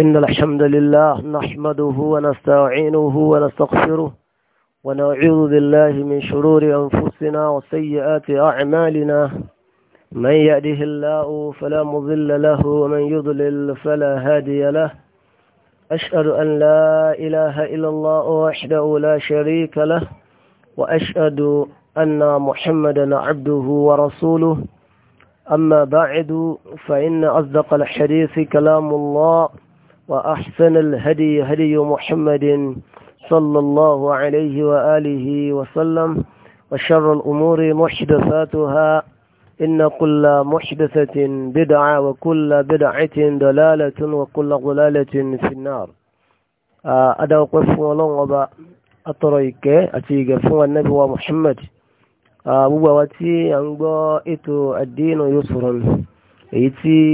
إن الحمد لله نحمده ونستعينه ونستغفره ونعوذ بالله من شرور أنفسنا وسيئات أعمالنا من يأده الله فلا مضل له ومن يضلل فلا هادي له أشهد أن لا إله إلا الله وحده لا شريك له وأشهد أن محمدا عبده ورسوله أما بعد فإن أصدق الحديث كلام الله وأحسن الهدي هدي محمد صلى الله عليه وآله وسلم وشر الأمور محدثاتها إن كل محدثة بدعة وكل بدعة دلالة وكل غلالة في النار آه، أدعو قف وبا أطريك أتيك فو النبي ومحمد أبو آه، واتي أنقا إتو الدين يسر إتي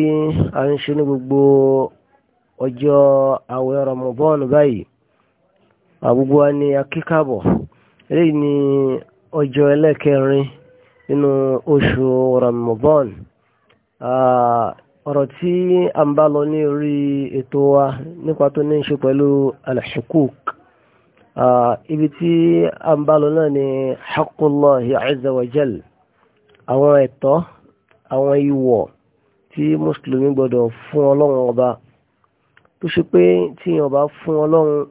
ètò ببو ọjọ́ àwẹ̀ rọmọbọ́ọ̀nù báyìí àgbogbo wa ni akíkàbọ̀ eléyìí ni ọjọ́ ẹlẹ́kẹrin nínú oṣù rọmọbọ́ọ̀nù ọ̀rọ̀ tí a ń bá lọ ní orí ètò wa nípa tó ní ṣe pẹ̀lú alhukuk ibi tí a ń bá lọ náà ni haqullahi azza wa jal àwọn ẹ̀tọ́ àwọn ìwọ̀ tí mùsùlùmí gbọ́dọ̀ fún ọlọ́run ọba tó ṣe pé tí èèyàn bá fún ọlọ́run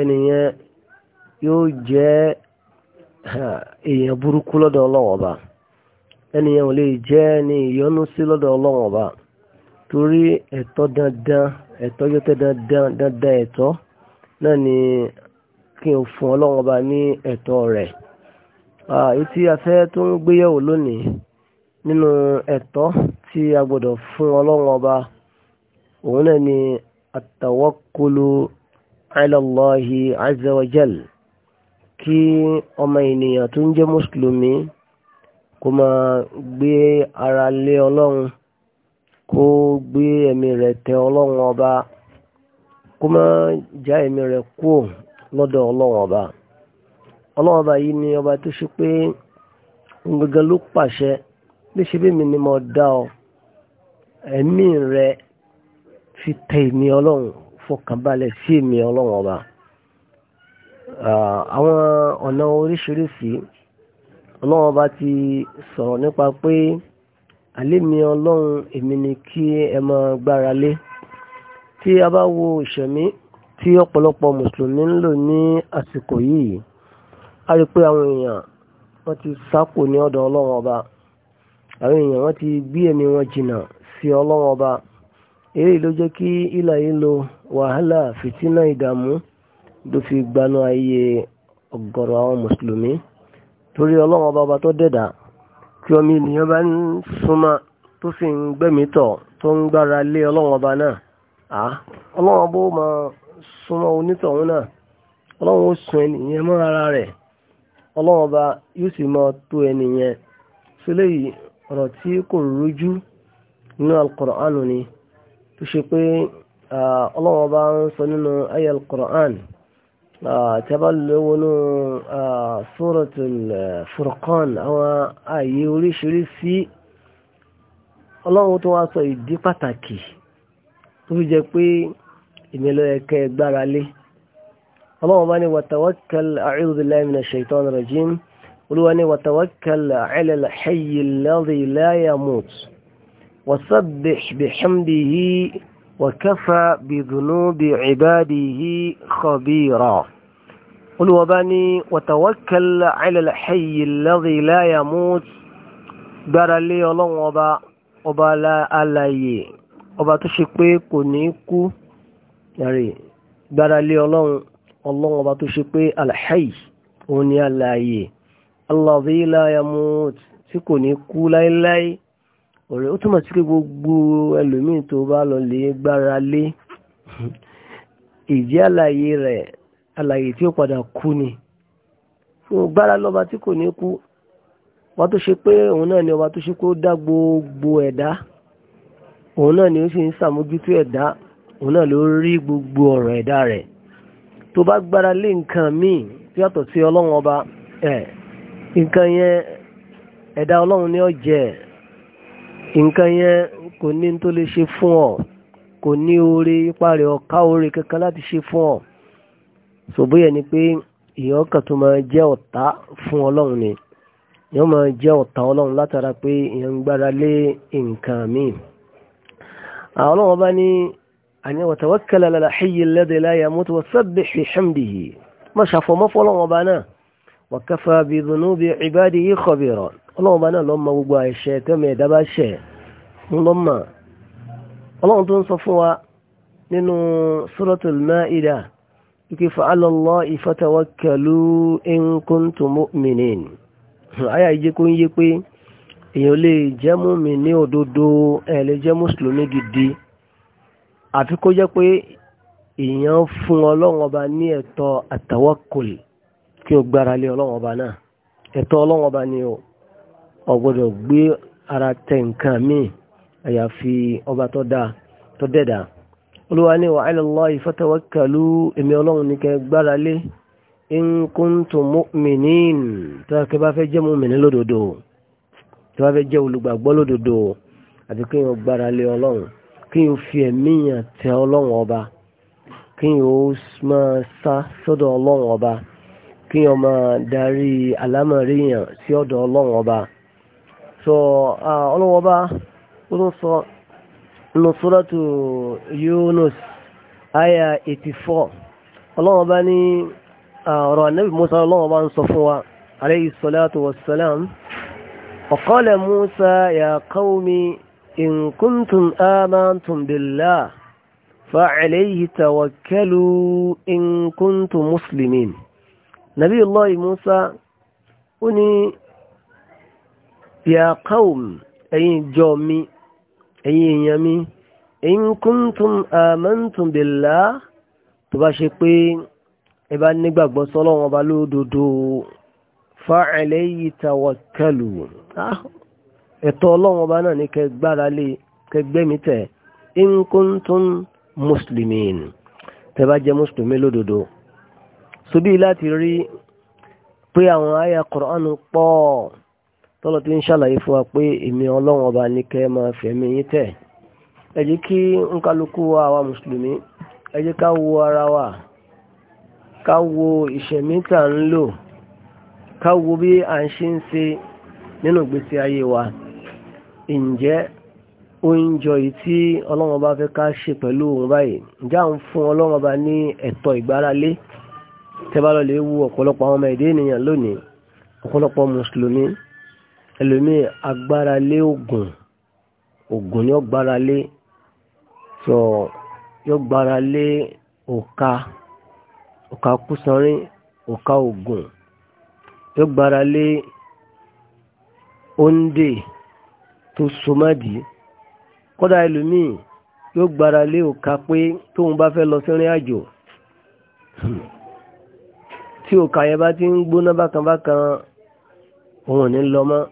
ẹnìyẹn yóò jẹ́ èèyàn burúkú lọ́dọ̀ ọlọ́run ọba ẹnìyẹn ò lè jẹ́ ẹni ìyọ́nú sí lọ́dọ̀ ọlọ́run ọba torí ẹ̀tọ́ dandan ẹ̀tọ́ yọtẹ́ dandan dandan ẹ̀tọ́ náà ni kí n fún ọlọ́run ọba ní ẹ̀tọ́ rẹ̀ ètí afẹ́ tó ń gbéyẹ̀wò lónìí nínú ẹ̀tọ́ tí a gbọ́dọ̀ fún ọlọ́run ọba òun náà ni atawakulu ala azawajal kí ọmọ ènìyàn tó ń jẹ́ mùsùlùmí kó máa gbé ara lé ọlọ́run kó gbé ẹ̀mí rẹ̀ ọba kó máa já ẹ̀mí rẹ̀ kú ọba ni ọba tó fi tẹ ìmí ọlọ́run fọkànbalẹ̀ sí ìmí ọlọ́run ọba àwọn ọ̀nà oríṣiríṣi ọlọ́run ọba ti sọ̀rọ̀ nípa pé àlémi ọlọ́run èmi ni kí ẹ máa gbára lé tí a bá wo ìṣẹ̀mí tí ọ̀pọ̀lọpọ̀ mùsùlùmí ń lò ní àsìkò yìí a rí pé àwọn èèyàn wọ́n ti sápò ní ọ̀dọ̀ ọlọ́run ọba àwọn èèyàn wọ́n ti gbé ẹ̀mí wọn jìnnà sí ọlọ́run ọba eléyìí ló jẹ́ kí wahala yìí lo wàhálà fìtínà ìdààmú ló fi gbanú ayé ọ̀gọ̀rọ̀ àwọn mùsùlùmí torí ọlọ́wọ́n bàbá tó dẹ̀dà kí omi ènìyàn bá ń súnmọ́ tó fi ń gbẹ̀mí tó ń gbára lé náà máa súnmọ́ onítọ̀hún náà ó sun ènìyàn mọ́ ara rẹ̀ ọlọ́wọ́n bá yóò sì máa tó ènìyàn sílẹ̀ yìí ọ̀rọ̀ tí kò rújú ni. tó ṣe pé ọlọ́wọ́ bá ń sọ nínú ayé al-Qur'an tí a bá lówó ní Suratul Furqan àwọn ààyè oríṣiríṣi ọlọ́wọ́ tó wá sọ ìdí pàtàkì tó fi jẹ pé ìmẹ́lọ ẹ̀kẹ́ gbára lé ọlọ́wọ́ bá ní watawakkal a'udhu billahi minash shaitanir olúwa ní watawakkal 'ala al-hayy وسبح بحمده وكفى بذنوب عباده خبيرا قل وبني وتوكل على الحي الذي لا يموت gbára lé ọlọ́run ọba ọba alààyè ọba tó ṣe pé kò ní kú yàrí gbára lé ọlọ́run ọlọ́run ọba tó ṣe pé alhayi òun ni alààyè alladhi la yamut tí kò ní kú láíláí ọ̀rẹ́ ó túmọ̀ sí pé gbogbo ẹlòmíì tó bá lọ lè gbára lé ìjẹ́ àlàyé rẹ̀ àlàyé tí ó padà kú ni fún gbára lọ́ba tí kò ní kú ọba tó ṣe pé òun náà ni ọba tó ṣe pé ó dá gbogbo ẹ̀dá òun náà ni ó sì ń ṣàmójútó ẹ̀dá òun náà ló rí gbogbo ọ̀rọ̀ ẹ̀dá rẹ̀ tó bá gbára lé nǹkan míì tí yàtọ̀ sí ọlọ́run ọba ẹ̀ nǹkan yẹn ẹ̀dá ọlọ́run ni ó jẹ́ ẹ̀. nǹkan yẹn kò ní tó lè ṣe fún ọ kò ní oore ipa rẹ̀ ọ̀ká oore kankan láti ṣe fún ọ ṣòbóyẹ ni pé èèyàn kan tó máa jẹ́ ọ̀tá fún ọlọ́run ni èèyàn máa jẹ́ ọ̀tá ọlọ́run látara pé èèyàn ń gbára lé nǹkan míì ọlọ́run ọba ní àní watawakkal ala hayyil ladhi la yamut wasabbih bihamdihi má ṣàfọ̀mọ́ fọlọ́run ọba náà wa kafa bi dhunubi ibadihi khabira ọlọ́run bá náà lọ mọ gbogbo àìṣẹ̀ tẹ́mi ẹ̀dá bá ṣẹ̀ ń lọ mọ̀ ọlọ́run tó ń sọ fún wa nínú suratul Maida ike fa alọ́lọ́ ìfọ́tawọ́kẹ̀lú in kuntum mu'minin àyà ìjẹ́ kó ń yé pé èèyàn lè jẹ́ mùmínì òdodo ẹ̀ lè jẹ́ mùsùlùmí gidi àfi kó jẹ́ pé èèyàn fún ọlọ́run ọba ní ẹ̀tọ́ kí o gbára lé ọlọ́run ọba náà ẹ̀tọ́ ọlọ́run ọba ni o. ọ̀gbọ́dọ̀ gbé ara tẹ nǹkan míì àyàfi ọba tó dáa tó dẹ̀dà olúwa ní wa ala Allahi fatawakkalu èmi ọlọ́run ní kẹ́ gbára lé in kuntum mu'minin tó kẹ́ bá fẹ́ jẹ́ mu'mini lódodo tó bá fẹ́ jẹ́ olùgbàgbọ́ lódodo àti kí yóò gbára lé ọlọ́run kí yóò fi ẹ̀mí yàn tẹ ọlọ́run ọba kí yóò máa sá sọ́dọ̀ ọlọ́run ọba kí yóò máa darí alámọ̀ríyàn sí ọ̀dọ̀ ọlọ́run ọba so uh, ọlọ́wọ́ bá ó tún sọ nínú suratu Yunus aya 84 ọlọ́wọ́ bá ní uh, ọ̀rọ̀ anábì Musa ọlọ́wọ́ bá ń sọ fún wa alayhi salatu wassalam وقال موسى يا قوم إن كنتم آمنتم بالله فعليه توكلوا إن كنتم مسلمين نبي الله موسى أني ya qawm ẹ̀yin ìjọ mi ẹ̀yin èèyàn mi in kuntum amantum billah tó bá ṣe pé ẹ bá nígbàgbọ́ sọ́lọ́run ọba lódodo fa alayhi tawakkalu ah, ẹ̀tọ́ ọlọ́run ọba náà ní kẹ gbára lé kẹ gbẹ́mí tẹ̀ in kuntum muslimin tẹ bá jẹ́ mùsùlùmí lódodo sobí láti rí pé àwọn àyà Qur'anu pọ̀ tọ́lọ́ ti ń ṣàlàyé fún wa pé èmi ọlọ́run ọba ní kẹ́ máa fẹ̀mí yín tẹ̀ ẹ kí ń kálukú wa àwa mùsùlùmí ẹ jẹ́ ká wo ara wa ká wo ìṣẹ̀mí tà ń lò ká wo bí à ń ṣe ń ṣe nínú ìgbésí ayé wa ǹjẹ́ oúnjẹ yìí tí ọlọ́run ọba fẹ́ ká ṣe pẹ̀lú òun báyìí ǹjẹ́ à ń fún ọlọ́run ọba ní ẹ̀tọ́ ìgbáralé tẹ́ bá ọ̀pọ̀lọpọ̀ àwọn ọmọ ẹ̀dẹ́ ènìyàn lónìí ọ̀pọ̀lọpọ̀ mùsùlùmí ẹlòmíì agbára lé oògùn oògùn ni ó gbára lé tó yóò gbára lé òka òka kúsanrín òka oògùn yóò gbára lé oúnjẹ tó sọmọdì kódà ẹlòmíì yóò gbára lé òka pé tóun bá fẹ́ lọ sírìn àjò tí òka yẹn bá ti ń gbóná bákan bákan òun ò ní lọ mọ́.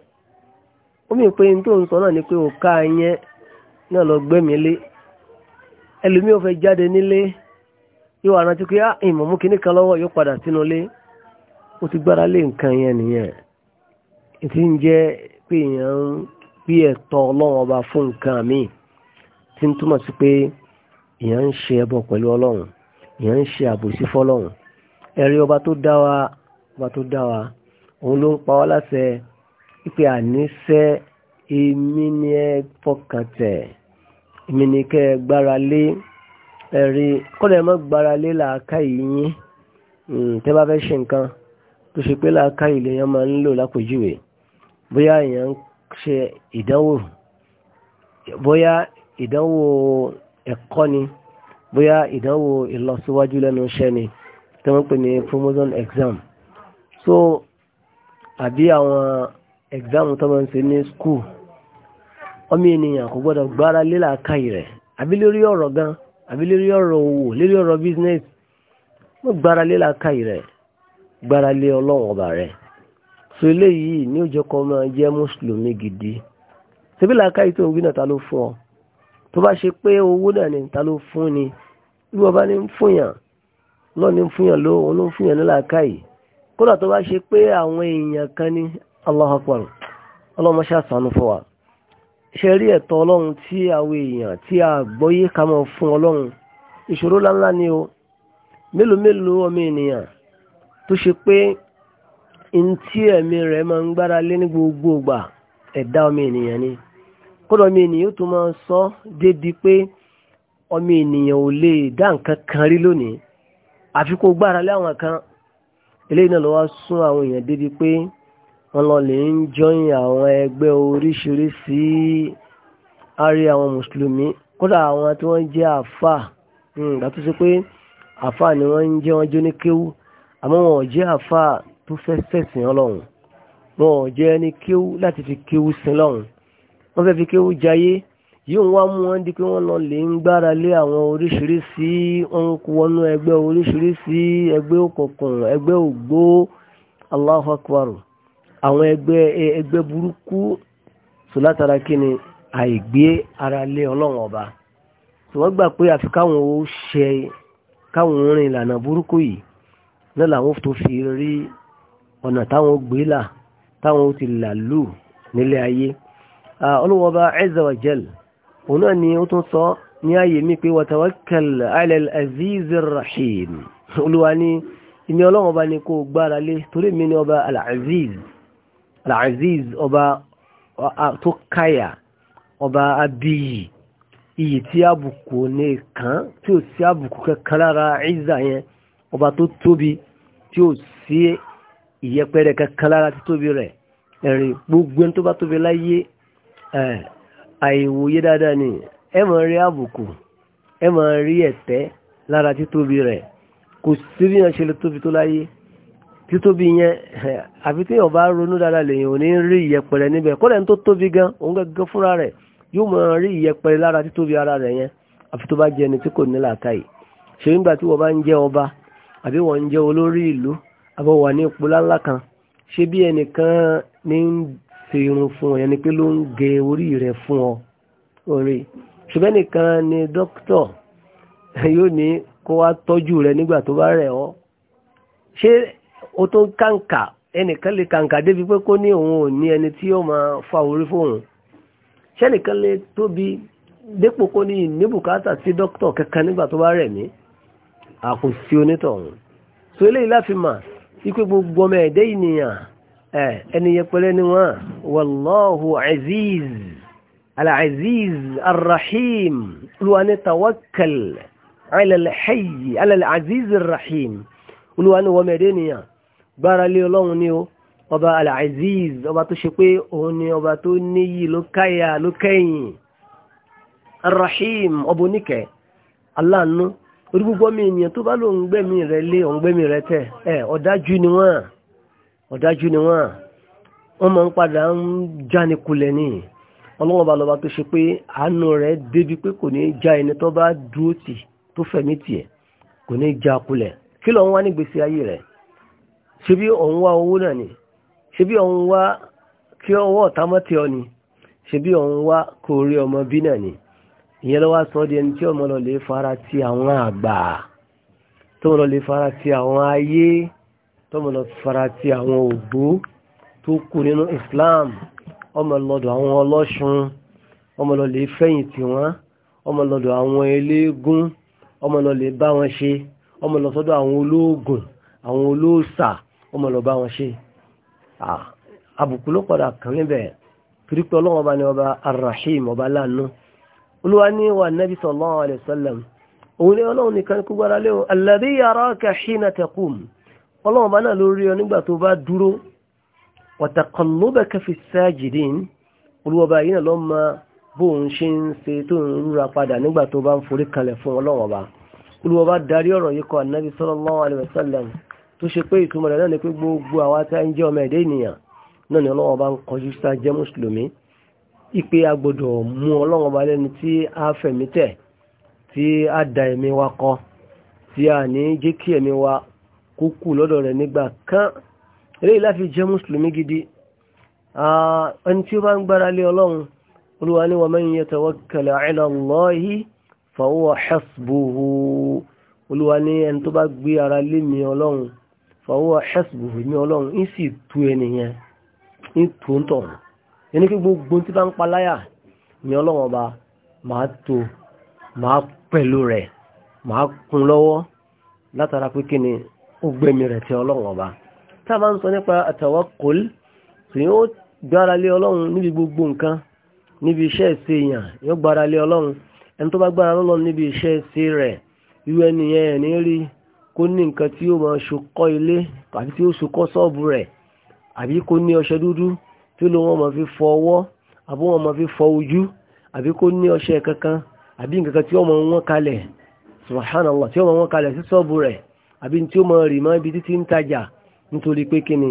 ó mì pé n tó ń náà ni pé o òka yẹn náà lọ gbẹ́mílé ẹlòmíì ò fẹ́ jáde nílé yóò wà rántí pé ah, ìmọ̀ mú kinní kan lọ́wọ́ yóò padà sínú ilé o ti gbára lé nǹkan yẹn nìyẹn ìtí ń jẹ́ pé èèyàn ń bí ẹ̀tọ́ ọlọ́run ọba fún nǹkan míì tí ń túmọ̀ sí pé èèyàn ń ṣe ẹbọ pẹ̀lú ọlọ́run èèyàn ń ṣe àbòsí fọlọ́run ẹ̀rí ọba tó dá wa ọba tó dá wa òun ló ń pa wá láṣẹ ipe àníṣẹ́ èmi ni ẹ fọkàn tẹ̀ èmi ni kẹ́ ẹ gbára lé ẹ̀rí kọ́lẹ̀ mọ́ gbára lé làákà yìí hmm, tẹ́ bá fẹ́ ṣe nǹkan tó ṣe pé làákà yìí lèèyàn máa ń lò lápòjúwe bóyá èèyàn ń ṣe ìdánwò bóyá ìdánwò ẹ̀kọ́ ni bóyá ìdánwò ìlọsíwájú lẹ́nu iṣẹ́ ni tí pè ní promotion exam so àbí àwọn ẹ̀gbáàmù tó máa ń ní skul ọmọ ènìyàn kò gbọ́dọ̀ gbára lílà káyì rẹ̀ àbí lórí ọ̀rọ̀ gan àbí lórí ọ̀rọ̀ owó lórí ọ̀rọ̀ business wọ́n gbára lílà káyì rẹ̀ gbára lé ọlọ́run ọba rẹ̀ so eléyìí ní máa jẹ́ gidi ṣebí làákàyè tó ń gbé náà ta ló fún ọ tó bá ṣe pé owó náà ni ta ló fún ni bí wọ́n bá ní fúnyàn lọ́ọ̀ ní fúnyàn ló fúnyàn Allahu Akbar ọlọ́mọ ṣàṣàánú fún wa ṣe rí ẹ̀tọ́ ọlọ́run tí àwọn èèyàn tí a gbọ́yé ká mọ̀ fún ọlọ́run ìṣòro láńlá ni o mélòó mélòó ọmọ ènìyàn tó ṣe pé n tí ẹ̀mí rẹ̀ máa ń gbára lé ní gbogbo ìgbà ẹ̀dá ọmọ ni ọmọ ènìyàn tó máa sọ débi pé ọmọ ènìyàn ò lè dá nǹkan kan rí lónìí lé àwọn kan eléyìí náà wá sún àwọn èèyàn pé wọ́n lọ lè ń jọyìn àwọn ẹgbẹ́ oríṣiríṣi àárí àwọn mùsùlùmí kódà àwọn tí wọ́n jẹ́ àfà hmm, ìgbà tó ṣe pé àfà ni wọ́n ń jẹ́ wọ́n jó ní kéwú àmọ́ wọn ò jẹ́ àfà tó fẹ́ sẹ̀sìn ọlọ́run wọn ò jẹ́ ní kéwú láti fi kéwú sin lọ́run wọ́n fẹ́ fi kéwú jayé yíò wá mú wọn di pé wọ́n lọ lè ń gbára lé àwọn oríṣiríṣi wọn kú wọnú ẹgbẹ́ oríṣiríṣi ẹgbẹ́ òkùnkùn ẹgbẹ́ ògbó Allahu Akbar àwọn ẹgbẹ́ ẹgbẹ́ burúkú tó látara kí ni àìgbé ara lé ọlọ́run ọba tí wọ́n gbà pé àfi káwọn ó ṣe káwọn rìn ìlànà burúkú yìí náà làwọn tó fi rí ọ̀nà táwọn gbé là táwọn ó ti là lù nílé ayé ọlọ́wọ́ ọba azza wa òun náà ni ó tún sọ ní ààyè mi pé watawakkal ala al-aziz rahim olúwa ní ìní ọlọ́run ọba ni kó gbára lé torí mi ní ọba al al-aziz ọba tó káyà ọba abiyì iyì tí àbùkù ní kàn tí ò sí àbùkù kankan lára ìzà yẹn ọba tó tóbi tí ò sí ìyẹpẹrẹ kankan lára títóbi rẹ̀ ẹ̀rìn gbogbo ẹni tó bá tóbi láyé àìwòye dáadáa ni ẹ máa rí àbùkù ẹ máa rí ẹ̀tẹ́ lára títóbi rẹ̀ kò sí bí wọ́n ṣe lè tóbi tó láyé títóbi yẹn àfi tí yóò bá ronú dáadáa lèyìn ò ní rí ìyẹpẹrẹ níbẹ̀ kódà ní tó tóbi gan òun gẹ́gẹ́ fúnra rẹ̀ yóò mọ rí ìyẹpẹrẹ lára títóbi ara rẹ̀ yẹn àfi tó bá jẹ ẹni tí kò ní làákàyè ṣe nígbà tí wọ́n bá ń jẹ́ ọba àbí wọ́n ń jẹ́ olórí ìlú àbí wọ́n wà ní ipò láńlá kan ṣé bí ẹnìkan ní ń ṣe irun fún ọ yẹn ni pé ló ń gé orí rẹ̀ fún ọ orí ṣùgbọ́n nìkan ni dókítọ̀ yóò ní kó wá tọ́jú rẹ̀ nígbà tó bá rẹ̀ ọ́ ṣé ó tó ń kàǹkà ẹnìkan lè kàǹkà débi pé kó ní òun ò ní ẹni tí ó máa fa orí fóun ṣẹ́nìkan lè tóbi dépò kó ní ìníbùkátà sí dókítà kankan nígbà tó bá rẹ̀ mí àkò sí onítọ̀hún so eléyìí láfi mà ikú gbogbo ọmọ ẹ̀dẹ́ ènìyàn ẹni yẹpẹrẹ ni wọn wallahu aziz al-aziz ar-rahim olúwa ní tawakkal ala aziz ar-rahim olúwa ní wọ́n gbára lé ọlọ́run ní o ọba al-aziz ọba tó ṣe pé òun ni ọba tó níyì ló káyà ló kẹ́yìn arrahim ọba oníkẹ́ aláàánú orí gbogbo mi ènìyàn tó bá ń gbẹ̀mí rẹ lé òun gbẹ̀mí rẹ ẹ ni wọ́n ọ̀dájú ni wọ́n wọ́n máa ń padà ń jánikulẹ̀ ní ọlọ́wọ́n lọ́ba tó ṣe pé àánú débi pé kò ní já ẹni tó bá dúró ṣe bí òun wá owó náà ni ṣe bí òun wá kí ọwọ́ ọ̀támọ́tì ọ ni ṣe bí òun wá kó rí ọmọ bí náà ni ìyẹn lọ́wọ́ sọ di ẹni tí ọmọ lọ lè fara ti àwọn àgbà tó mọ̀ lọ lè fara ti àwọn ayé tó mọ̀ lọ fara ti àwọn ògbó tó kù nínú Islam ọmọ lọ́dọ̀ àwọn ọlọ́ṣun ọmọ lọ lè fẹ̀yìn tì wọ́n ọmọ lọ́dọ̀ àwọn eléégún ọmọ lọ lè bá wọn ṣe ọmọ lọ sọ́dọ̀ àwọn olóògùn àwọn olóòṣà ọmọ lọ bá wọn ṣe àbùkù ló padà kàn níbẹ̀ torípé ọlọ́wọ́ bá ní ọba arrahim ọba láàánú olúwa ní wà nabi sallallahu alayhi wa sallam òun ní ọlọ́run nìkan kú gbára léwu alladhi yaraka hina taqum ọlọ́wọ́ bá náà ló rí ọ nígbà tó bá dúró wa taqallubaka fi sajidin olúwa bá yìí náà lọ́ máa bóun ṣe ń ṣe tó ń rúra padà nígbà tó bá ń forí kalẹ̀ fún ọlọ́wọ́ bá bá darí ọ̀rọ̀ yìí kọ ànábi sallallahu tó ṣe pé ìtumọ̀ rẹ̀ náà ni pé gbogbo àwa tá ń jẹ́ ọmọ ẹ̀dẹ́ ènìyàn náà ni ọlọ́wọ́ bá ń kọjú sí ajẹ́ mùsùlùmí ìpè agbọ́dọ̀ mú ọlọ́wọ́ bá lẹ́nu tí a fẹ̀mí tẹ̀ tí a da ẹ̀mí wa kọ tí a ní jẹ́ kí ẹ̀mí wa kó lọ́dọ̀ rẹ̀ nígbà kan eléyìí láfi jẹ́ mùsùlùmí gidi ẹni tí ó bá ń gbára lé ọlọ́run olúwa ní wa man yatawakkal ala Allahi fa huwa hasbuhu olúwa ní ẹni tó bá gbé ara lé mi ọlọ́run fọwọ́ ṣẹ́sìbùhù ní ọlọ́run ń sì tú ẹnìyẹn ń tó ẹni kí gbogbo tí bá ń paláyà ní ọlọ́run ọba máa tó máa pẹ̀lú rẹ̀ kún lọ́wọ́ látara ni ọba a níbi iṣẹ́ èèyàn yóò gbára lé ọlọ́run ẹni tó bá gbára lọ́lọ́run níbi iṣẹ́ kó ní nǹkan tí ó máa ṣokọ́ ilé àbí tí ó ṣokọ́ ṣọ́ọ̀bù rẹ̀ àbí kó ní ọṣẹ dúdú tí ó wọn máa fi fọ ọwọ́ àbí wọn máa fi fọ ojú àbí kó ní ọṣẹ kankan àbí nǹkan tí ó máa kalẹ̀ tí ó máa kalẹ̀ sí rẹ̀ àbí tí ó máa ibi títí ń tajà nítorí pé kí ni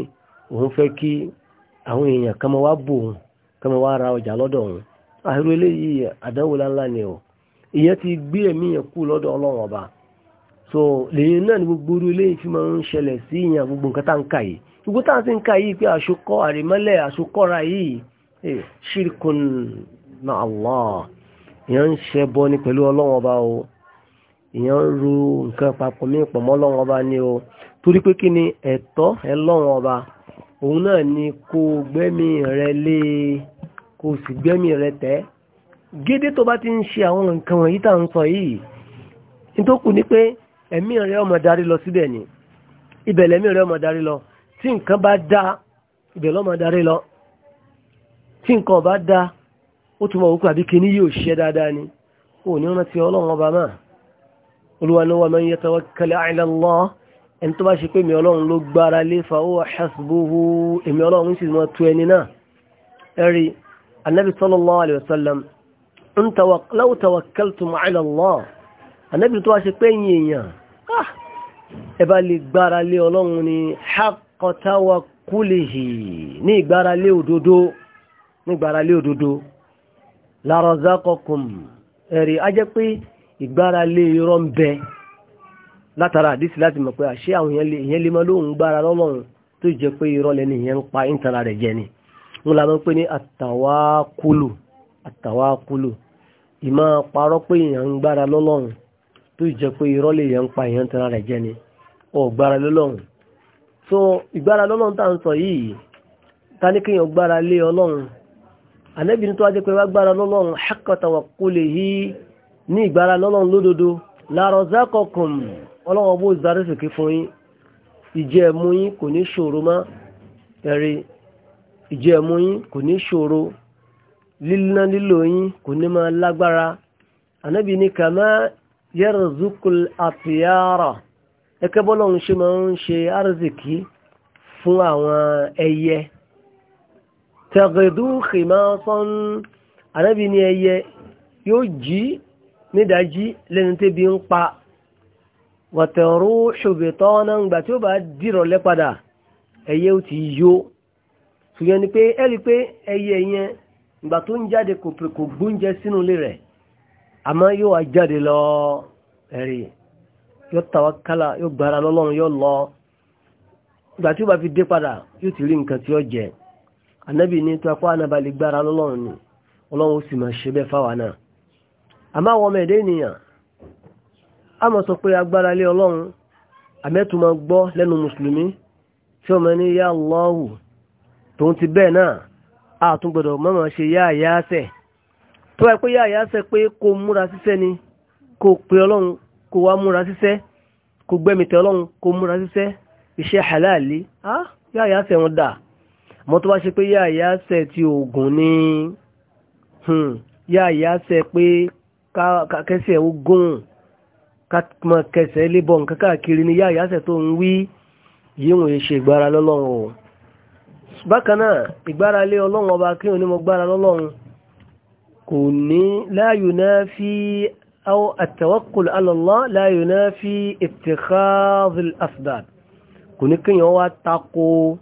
òun fẹ́ kí àwọn èèyàn kan máa wá bò òun kan máa wá ra ọjà lọ́dọ̀ òun àìrò eléyìí àdánwò ni ò ìyẹn ti gbé ẹ̀mí yẹn kú so lèyìn náà ni gbogbo orí ilé ìfi máa ń ṣẹlẹ̀ sí ìyàn gbogbo nǹkan tá ń kà yìí gbogbo tá à ń sì yìí pé àṣokọ àrèmọ́lẹ̀ àṣokọ́ra yìí ṣírkùn Allah ni pẹ̀lú ọlọ́wọ́n ọba o ìyàn ń ru nǹkan papọ̀ mí pọ̀ mọ́ ọlọ́wọ́n o torí pé kí ni ẹ̀tọ́ ẹlọ́wọ́n ni kó gbẹ́mí rẹ lé kó sì gbẹ́mí rẹ tẹ́ gédé tó bá ti ń ṣe àwọn nǹkan wọ̀nyí tá ń sọ yìí nítòkù ni pé ẹ̀mí rẹ̀ ọmọ darí lọ síbẹ̀ ni ibẹ̀ lẹ̀mí rẹ̀ ọmọ darí lọ tí nǹkan bá dá ibẹ̀ lọ́mọ darí lọ tí nǹkan bá dá ó túnmọ̀ òkú àbí kíní yóò ṣe dáadáa ni ó ní rántí ọlọ́run ọba máa olúwa ní wa man yatawakkal ala Allah ẹni tó bá ṣe pé mi ọlọ́run ló gbára lé fa huwa èmi ọlọ́run sì mọ tu ẹni náà ẹ̀rí anabi sallallahu alayhi wa sallam law tawakkaltum ala Allah ànábì tó wá ṣe pé yìn èèyàn ah, ẹ bá lè gbára lé ọlọ́run ni haqqa tawakkulihi ní ìgbára lé òdodo ní ìgbára lé òdodo la razaqakum ẹ̀rí á jẹ́ pé ìgbára lé irọ́ ń bẹ látara àdísì láti mọ̀ pé àṣé àwọn èèyàn lè mọ́ lóhun gbára lọ́lọ́run tó jẹ́ pé irọ́ lẹ́ni ìyẹn ń pa ìtara rẹ̀ jẹ ni wọ́n la mọ́ pé ní àtàwákúlù àtàwákúlù ìmọ̀ parọ́ pé èèyàn ń gbára lọ́lọ́run tó jẹ́ pé irọ́ lè yẹn ń pa èèyàn tẹ́ra rẹ̀ jẹ́ ni ọ̀gbára lọ́lọ́run so ìgbára lọ́lọ́run tá à ń sọ yìí ta ní kéèyàn gbára lé ọlọ́run ànábì ní tó wá jẹ́ pé wá gbára lọ́lọ́run haqqa tawakkulihi ní ìgbára lọ́lọ́run lódodo la razaqakum ọlọ́run bó zarísìkí fún yín ìjẹ́ ẹ̀mú yín kò ní ṣòro mọ́ ẹ̀rí ìjẹ́ ẹ̀mú yín kò ní ṣòro lílá lílò yín kò ní máa lágbára ànábì ní kàmá yarzukul atiyara ẹkẹ́ bọ́lọ̀ ń ṣe máa ń ṣe arziki fún àwọn ẹyẹ tẹ̀gẹ̀dú khimasan anábì ní ẹyẹ yóò jí nídájí lẹ́nu tẹ́bi ń pa wàtẹ̀rú ṣòbẹ̀tọ́ náà gbà tí ó bá dìrọ̀lẹ́ padà ẹyẹ ó ti yó ṣùgbọ́n pé ẹ́rí àmọ́ yóò wá jáde lọ ẹ̀rí yóò tàwákálà yóò gbára lọ́lọ́run yóò lọ ìgbà tí ó bá fi dé padà yóò ti rí nǹkan tí ó jẹ anábì ní tó apá anábalẹ̀ gbára lọ́lọ́run ni ọlọ́run ó sì máa ṣe bẹ́ẹ̀ fáwa náà àmọ́ àwọn ọmọ ẹ̀dẹ́ ènìyàn a mọ̀ sọ pé agbára lé ọlọ́run àmẹ́tù máa gbọ́ lẹ́nu mùsùlùmí tí ọmọ ní yá Allahu tòun ti bẹ́ẹ̀ náà àtúngbọ̀dọ̀ mọ́mọ́ ṣe yá àyáṣẹ́ tó wáyé pé yá àyà sẹ pé kò múra síṣẹ́ ni kò pè ọlọ́run kò wá múra síṣẹ́ kò gbẹ́mìtẹ̀ ọlọ́run kò múra síṣẹ́ iṣẹ́ halali yá àyà sẹ wọn dà mọ́ tó bá ṣe pé yá àyà sẹ ti oògùn ni hmm, yá àyà sẹ pé kẹsẹ̀ ogun kàtùmọ̀ kẹsẹ̀ lébọ̀ nǹkan ni yá àyà sẹ tó ń wí yíwọ̀n yìí ṣe ìgbára lọ́lọ́run o bákan náà ìgbára lé ọlọ́run ọba kí kò ní la yunafi aw at-tawakkul ala Allah la yunafi ittikhadh al-asbab kò ní kíyàn wá tako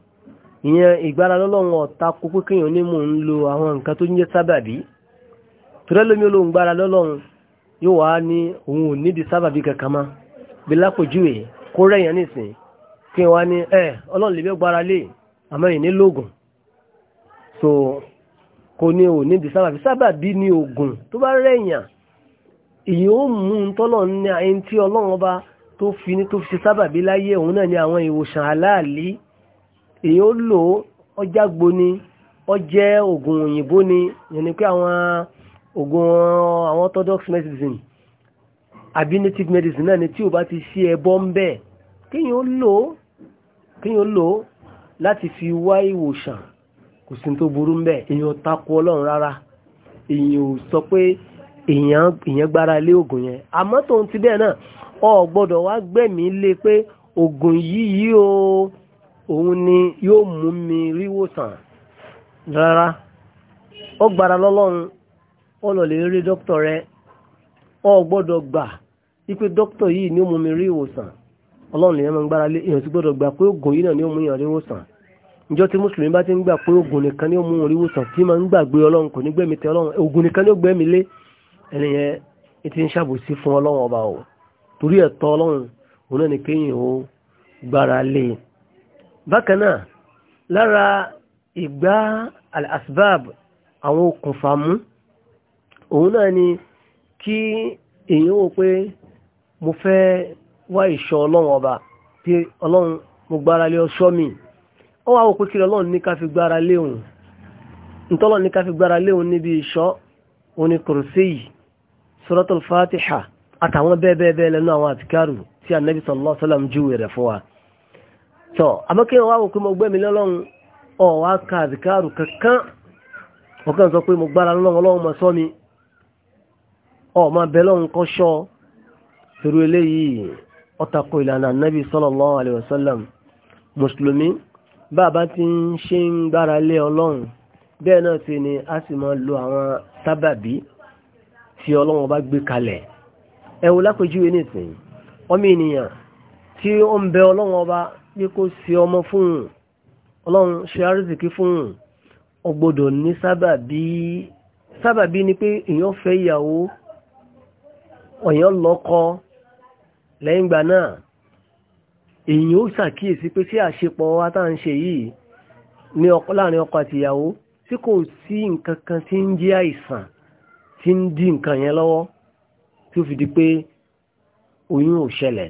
ìyẹn ìgbára lọ́lọ́run ọ̀tako pé kíyàn ní mò ń lo àwọn nǹkan tó ń jẹ́ sábàbí tùrẹ́lómi olóhùn gbára lọ́lọ́run yóò wá ní òun ò nídìí sábàbí so kò ní ò níbi sábàbí sábàbí ní ogun tó bá rẹ̀yàn èyí ó mú un tọ́lọ̀ ní ayé tí ọlọ́run ọba tó fi ní tó fi sábàbí láyé òun náà ní àwọn ìwòsàn aláàlí èyí ó lò ọjàgbo ni ó jẹ́ oògùn òyìnbó ni yẹn pé àwọn oògùn àwọn orthodox medicine àbí native medicine náà ni tí o bá ti ṣe ẹbọ ń bẹ kéèyàn ó lò láti fi wá ìwòsàn kò sí tó burú mbẹ èèyàn takò ọlọrun rárá èèyàn ò sọ pé èèyàn gbára lé oògùn yẹn àmọ tòun ti bẹ́ẹ̀ náà ọ gbọdọ wá gbẹmí lé pé oògùn yìí yìí o òun ni yóò mú mi ríwòsàn rárá ọ gbára lọ́lọ́run ọ lọ lè rí dókítà rẹ ọ gbọdọ gbà wípé dókítà yìí ni ó mú mi rí ìwòsàn ọlọ́run lè máa ń gbára lé èèyàn sì gbọ́dọ̀ gbà pé oògùn yìí náà ni ó mú èèyàn rí ìwòsàn ìjọ tí mùsùlùmí bá ti ń gbà pé ogun nìkan ni ó mú orí wòsàn tí máa ń gbàgbé ọlọ́run kò ní gbẹ̀mí tẹ ọlọ́run ogun nìkan ni ó gbẹ̀mí lé ẹni yẹn ti ń ṣàbòsí fún ọlọ́run ọba o torí ẹ̀tọ́ ọlọ́run òun náà ni kéyìn ó gbára lé e. bákan náà lára ìgbà al-asbab àwọn okùnfà mú òun náà ni kí èèyàn wò pé mo fẹ́ wá ìṣọ́ ọlọ́run ọba pé ọlọ́run mo gbára lé ọṣọ́ mi ó wá wò pé kí lọ́lọ́run ní ká fi gbára léhùn ntọ́lọ́ ní ká fi gbára léhùn níbi ìṣọ́ òní kùrùsí yìí suratul fatiha àtàwọn bẹ́ẹ̀ bẹ́ẹ̀ bẹ́ẹ̀ lẹ́nu àwọn àtikáàrù tí anabi sallallahu alaihi wasallam júwe rẹ̀ fún wa. tọ́ àmọ́ kí wọ́n wá wò pé mo gbẹ́mi lọ́lọ́run ọ̀ wá ka àtikáàrù kankan wọ́n kàn sọ pé mo bàbá ti ń ṣe ń gbára lé ọlọ́run bẹ́ẹ̀ náà sì ni a sì máa lo àwọn sábàbí tí ọlọ́run bá gbé kalẹ̀ ẹ wo lápèjúwe ọmọ ènìyàn tí ó ń bẹ ọlọ́run ọba pé kó ṣe ọmọ fún ọlọ́run ṣe àrísìkí fún un ní sábàbí sábàbí ni pé èèyàn fẹ́ ìyàwó ọ̀yàn lọ́kọ lẹ́yìn ìgbà náà èyí ó ṣàkíyèsí pé sí àṣepọ̀ wa tá ń ṣe yìí ní láàrin ọkọ àti ìyàwó tí kò sí nǹkan kan tí ń jẹ́ àìsàn tí ń dí nǹkan yẹn lọ́wọ́ tí ó fi di pé oyún ò ṣẹlẹ̀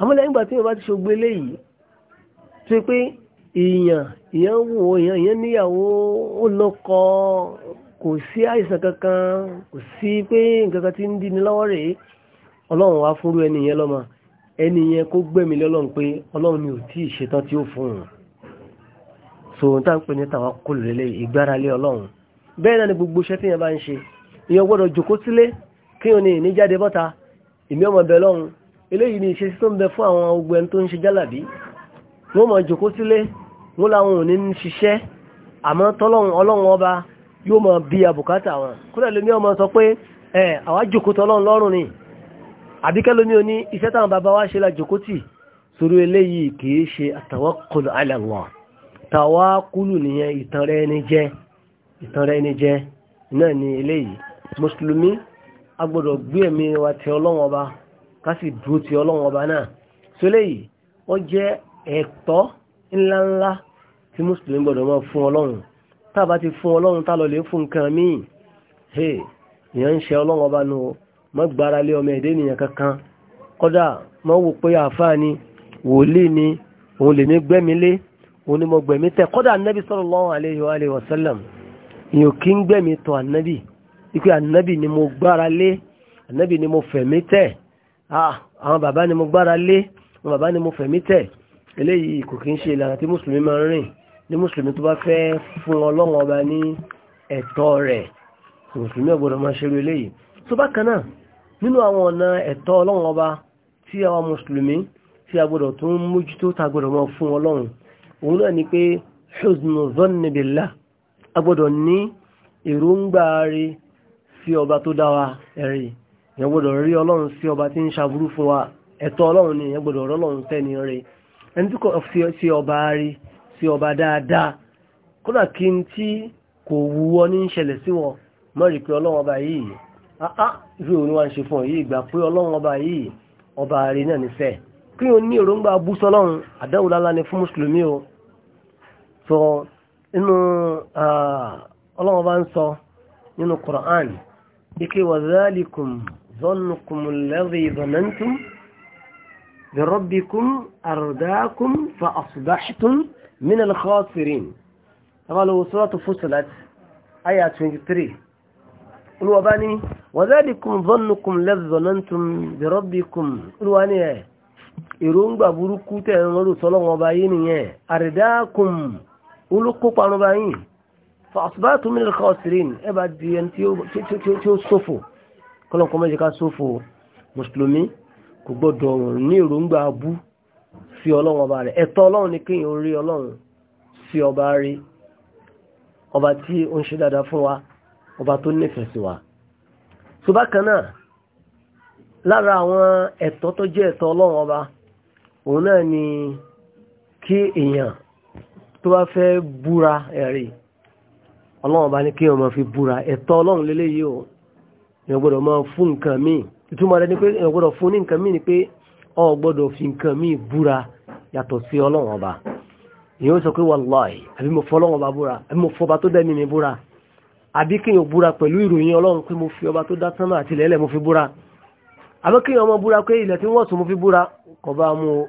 àmọ́ lẹ́yìn tí wọ́n bá ti ṣogbé léyìí tó pé èèyàn èèyàn wò èèyàn èèyàn níyàwó ó lọ́kọ kò sí àìsàn kankan kò sí pé nǹkan kan tí ń dí ni lọ́wọ́ rèé ọlọ́run wá fúnrú ẹni yẹn lọ́mọ ẹni yẹn kó gbẹ̀mí lọ́lọ́run pé ọlọ́run ni ò tí ì tí ó fún un so n tá n pè ní tàwọn kọlù lélẹ̀ ìgbáralé ọlọ́run bẹ́ẹ̀ náà ni gbogbo iṣẹ́ tí yẹn bá ń ṣe ìyẹn gbọ́dọ̀ jòkó sílé kí o ní ìní jáde bọ́ta ìmí ọmọ bẹ lọ́run eléyìí ni ìṣesí tó ń bẹ fún àwọn ogun ẹni tó ń ṣe jálàbí wọ́n mọ̀ jòkó sílé wọ́n làwọn ò ní ń ṣiṣẹ́ àmọ́ tọ́lọ́run ọlọ́run ọba yóò mọ bí abùkátà wọn kódà lómi ọmọ sọ pé ẹ àwa jòkó tọ́lọ́run lọ́rùn ni àbíkẹ́ lómi o ní iṣẹ́ táwọn bàbá wa ṣe la jòkótì sórí eléyìí kìí ṣe àtàwákùlù ala Allah tàwákùlù nìyẹn ìtàn ẹni ni eléyìí mùsùlùmí a gbọ́dọ̀ gbé ẹ̀mí wa ti Ọlọ́run Ọba ká sì dúró ti Ọlọ́run Ọba náà so eléyìí ó jẹ́ ẹ̀tọ́ ńláńlá tí mùsùlùmí gbọ́dọ̀ máa fún Ọlọ́run tá bá ti fún Ọlọ́run tá lọ lè fún nǹkan míì hey ìyẹn ń ṣe Ọlọ́run Ọba nù no má gbára lé ọmọ ẹ̀dẹ́ ènìyàn kankan kọ́dà má wò pé àáfàá ni wòlíì ni òun lèmi gbẹ́mi lé òun ni mo gbẹ̀mí tẹ̀ kọ́dà anábì sallallahu alayhi wa alihi wa sallam ìyò kí ń gbẹ̀mí tọ̀ anábì wípé anábì ni mo gbára lé anábì ni mo fẹ̀mí tẹ̀ ah, àwọn bàbá ni mo gbára lé àwọn bàbá ni mo fẹ̀mí tẹ̀ eléyìí kò kí ń ṣe ìlànà tí mùsùlùmí máa ń rìn ní mùsùlùmí tó bá fẹ́ fún ọlọ́run ọba ní ẹ̀tọ́ rẹ̀ mùsùlùmí ọ̀gbọ́dọ̀ máa ṣerú eléyìí tó bá kan náà nínú àwọn ọ̀nà ẹ̀tọ́ ọlọ́run ọba tí àwọn mùsùlùmí tí a gbọ́dọ̀ tó ń mójútó tá a gbọ́dọ̀ mọ́ fún ọlọ́run òun náà ni pé husnu zanni billah a gbọ́dọ̀ ní èròǹgbà rí sí ọba tó dá wa ẹ̀rí ìyẹn gbọ́dọ̀ rí ọlọ́run sí ọba tí ń ṣàbúrú fún ni ìyẹn gbọ́dọ̀ ọlọ́run tẹ́ni rí ah ìwé òní wá ń ṣe fún ọ yìí gbà pé ọlọ́run ọba yìí ọba rẹ̀ náà nífẹ̀ kí o ní èròǹgbà búsọ́lọ́run àdáwòlálá ni fún mùsùlùmí o sọ inú ah, ọlọ́run ọba ń sọ nínú Qur'an ike wa zalikum zannukum alladhi zanantum bi rabbikum fa asbahtum min olúwa bá ní wazadikum zannukum ladh zanantum bi rabbikum olúwa ní ẹ̀ èròǹgbà burúkú tẹ̀ ń rò sọ́lọ́wọ́n ọba yìí nìyẹn àrídákùn olùkópa ọba yìí fàṣùbáàtú min al-khasirin ẹ bá di ẹni tí ó sófò kọ́lọ́kọ́ mẹ́jẹ ká sófò mùsùlùmí kò gbọ́dọ̀ ní èròǹgbà abú ń ṣe dáadáa fún wa ọba tó nífẹ̀ẹ́ sí wa so bákan náà lára àwọn ẹ̀tọ́ tó jẹ́ ẹ̀tọ́ ọlọ́run ọba òun náà ni kí èèyàn tó bá fẹ́ búra ẹ̀rí ọlọ́run ọba ní kí èèyàn máa fi búra ẹ̀tọ́ ọlọ́run lélẹ́yìí o èèyàn gbọ́dọ̀ máa fún nǹkan míì ìtumọ̀ rẹ̀ ni pé èèyàn gbọ́dọ̀ fún ní nǹkan míì ni pé ọ gbọ́dọ̀ fi nǹkan míì búra yàtọ̀ sí ọlọ́run ọba èèyàn sọ pé wàláì àbí mo fọ́ ọlọ́run ọba búra àbí mo fọ́ ọba tó dẹ́mi mi búra àbí kí yàn búra pẹ̀lú ìròyìn ọlọ́run pé mo fi ọba tó dá sánmà àti ilẹ̀ mo fi búra àmọ́ kí yàn ọmọ búra pé ilẹ̀ tí wọ́n sùn mo fi búra kò bá mú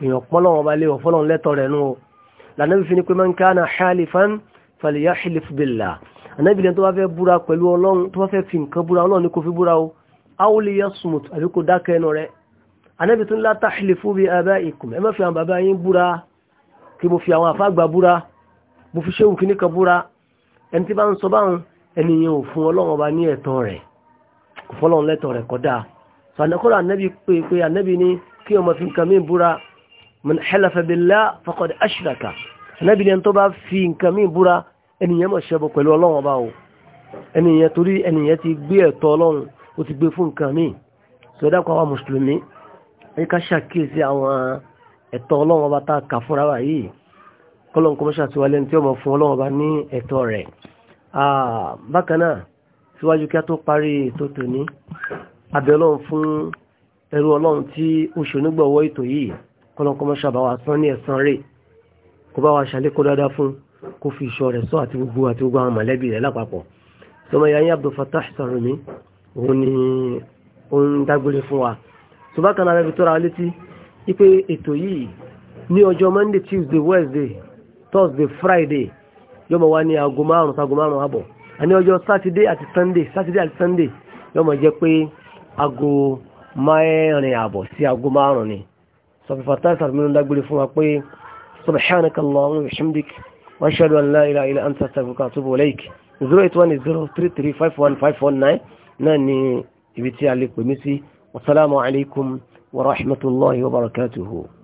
èèyàn pọ́lọ́wọ́n ọba lé ọ̀fọ́lọ́run lẹ́tọ̀ rẹ̀ nù o lànà fi ni pé man kana halifan falyahlif billah ànábìlẹ̀ tó bá fẹ́ búra pẹ̀lú ọlọ́run tó bá ni kò fi búra o awliya smut àbí kò dákẹ́ ẹnu rẹ̀ la tahlifu bi abaikum ẹ má fi àwọn bàbá yín búra kí mo fi ẹni tí bá ń sọ báwọn ẹniyàn ò fún ọlọ́run ọba ní ẹ̀tọ́ rẹ̀ kò fọ́lọ́run lẹ́tọ̀ rẹ̀ kódà so anakọ́rọ̀ anabi pé pé anabi ní kí ọmọ fi nǹkan mí búra man halafa billah faqad ashraka anabi ní ẹni tó bá fi nǹkan mí búra ẹniyàn mọ̀ ṣẹbọ pẹ̀lú ọlọ́run ọba o ẹniyàn torí ẹniyàn ti gbé ẹ̀tọ́ ọlọ́run ó ti gbé fún nǹkan mí so dákọ̀ àwọn mùsùlùmí ẹ ṣàkíyèsí àwọn ẹ̀tọ́ ọlọ́run ọba tá a kà fúnra wa kọ́lọ́n kọ́mọ́ ṣàtiwálẹ́ ní tí ọmọ fún ọlọ́wọ́ bá ní ẹ̀tọ́ rẹ̀ bákan náà síwájú kí a tó parí ètò tòní abẹ́ ọlọ́run fún ẹrú ọlọ́run tí ó ṣonígbọ̀wọ́ ètò yìí kọ́lọ́n kọ́mọ́ ṣàbáwá sán ní ẹ̀san rẹ̀ kó bá wa ṣàlékún dáadáa fún kó fi ìṣọ́ rẹ̀ sọ àti gbogbo àti gbogbo àwọn mọ̀lẹ́bí rẹ̀ lápapọ̀ tọmọ ìyá ni ó ń dágbére thursday friday yóò máa wá ní aago márùn-ún sago márùn-ún àbọ̀ àní ọjọ́ saturday àti sunday saturday àti sunday yóò máa jẹ́ pé aago mẹ́rin àbọ̀ sí aago márùn-ún ni sọfífà táìsà mi ló ń dágbére fún wa pé subhanaka allahumma wa bihamdik wa ashhadu an la ilaha illa anta astaghfiruka wa atubu ilaik zero eight one zero three three five one five one nine náà ni ibi tí a lè pè mí sí wasalaamu alaykum wa rahmatulahi wa barakatuhu.